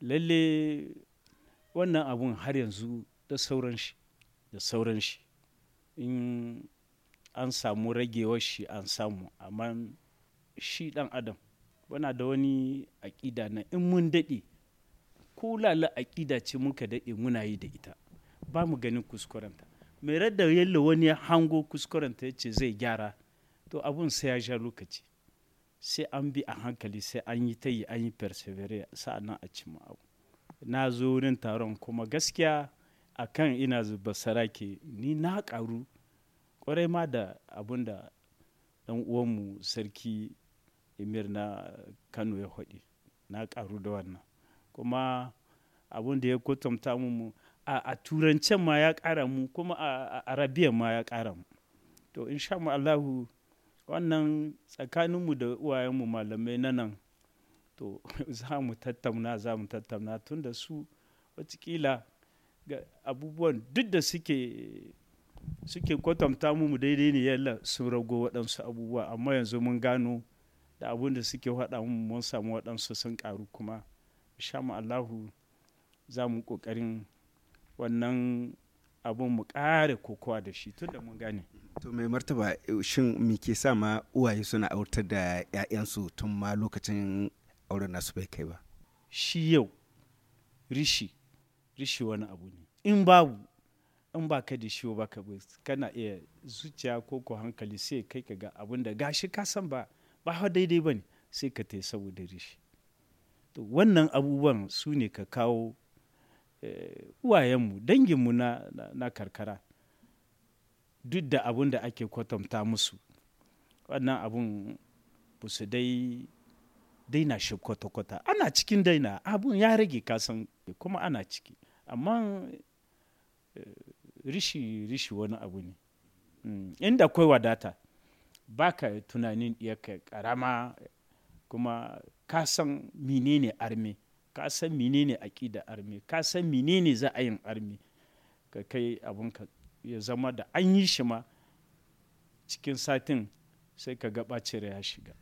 lalle wannan abun har yanzu da sauran shi da sauran shi in an samu ragewar shi an samu amma shi dan adam wana da wani aƙida na in mun daɗe ko lala aƙida ce muka daɗe muna yi da ita ba mu ganin kuskurenta mai radda yalla wani hango kuskurenta ya ce zai gyara to abun sai ya sha lokaci sai an bi a hankali sai an yi ta yi an yi persevere sa'annan a ci abu na zo wurin taron kuma gaskiya a kan ina zuba sarake ni na karu kwarai ma da abun da dan uwanmu sarki emir na kano ya haɗi na karu da wannan kuma abun da ya kwatanta mu a turancen ma ya ƙara mu kuma a arabiyan ma ya kara mu to insha Allahu Wannan tsakaninmu da uwayenmu malamai na nan to za mu tattauna za mu tattauna tun da su watakila ga abubuwan duk da suke suke kwatanta mu daidai ne yalla sun rago waɗansu abubuwa amma yanzu mun gano da abun da suke faɗa mu mun samu waɗansu sun ƙaru kuma insha Allahu za mu ƙoƙarin wannan abun mu ƙara kokowa da shi tun da mun gane. to mai martaba shin me ke sa ma uwaye suna aurtar da 'ya'yansu tun ma lokacin auren nasu bai kai ba shi yau rishi rishi wani abu ne in babu in ba ka da shi ba ka kana iya zuciya ko ko hankali sai kai ka ga abin da gashi ka san ba ba daidai ba ne sai ka tai saboda rishi to wannan abubuwan su ne ka kawo eh, uwayenmu danginmu na, na karkara duk da abun da ake kwatanta musu wannan abun ba su dai daina shi kwata-kwata ana cikin daina abun ya rage kasan kuma ana ciki amma eh, rishi rishi wani abu ne mm, inda kai wadata ba ka tunanin ka karama kuma kasan menene arme kasan menene aƙida arme kasan san menene za a yin armi ka kai abun ka ya zama da an yi shi ma cikin satin sai ka gaba cire ya shiga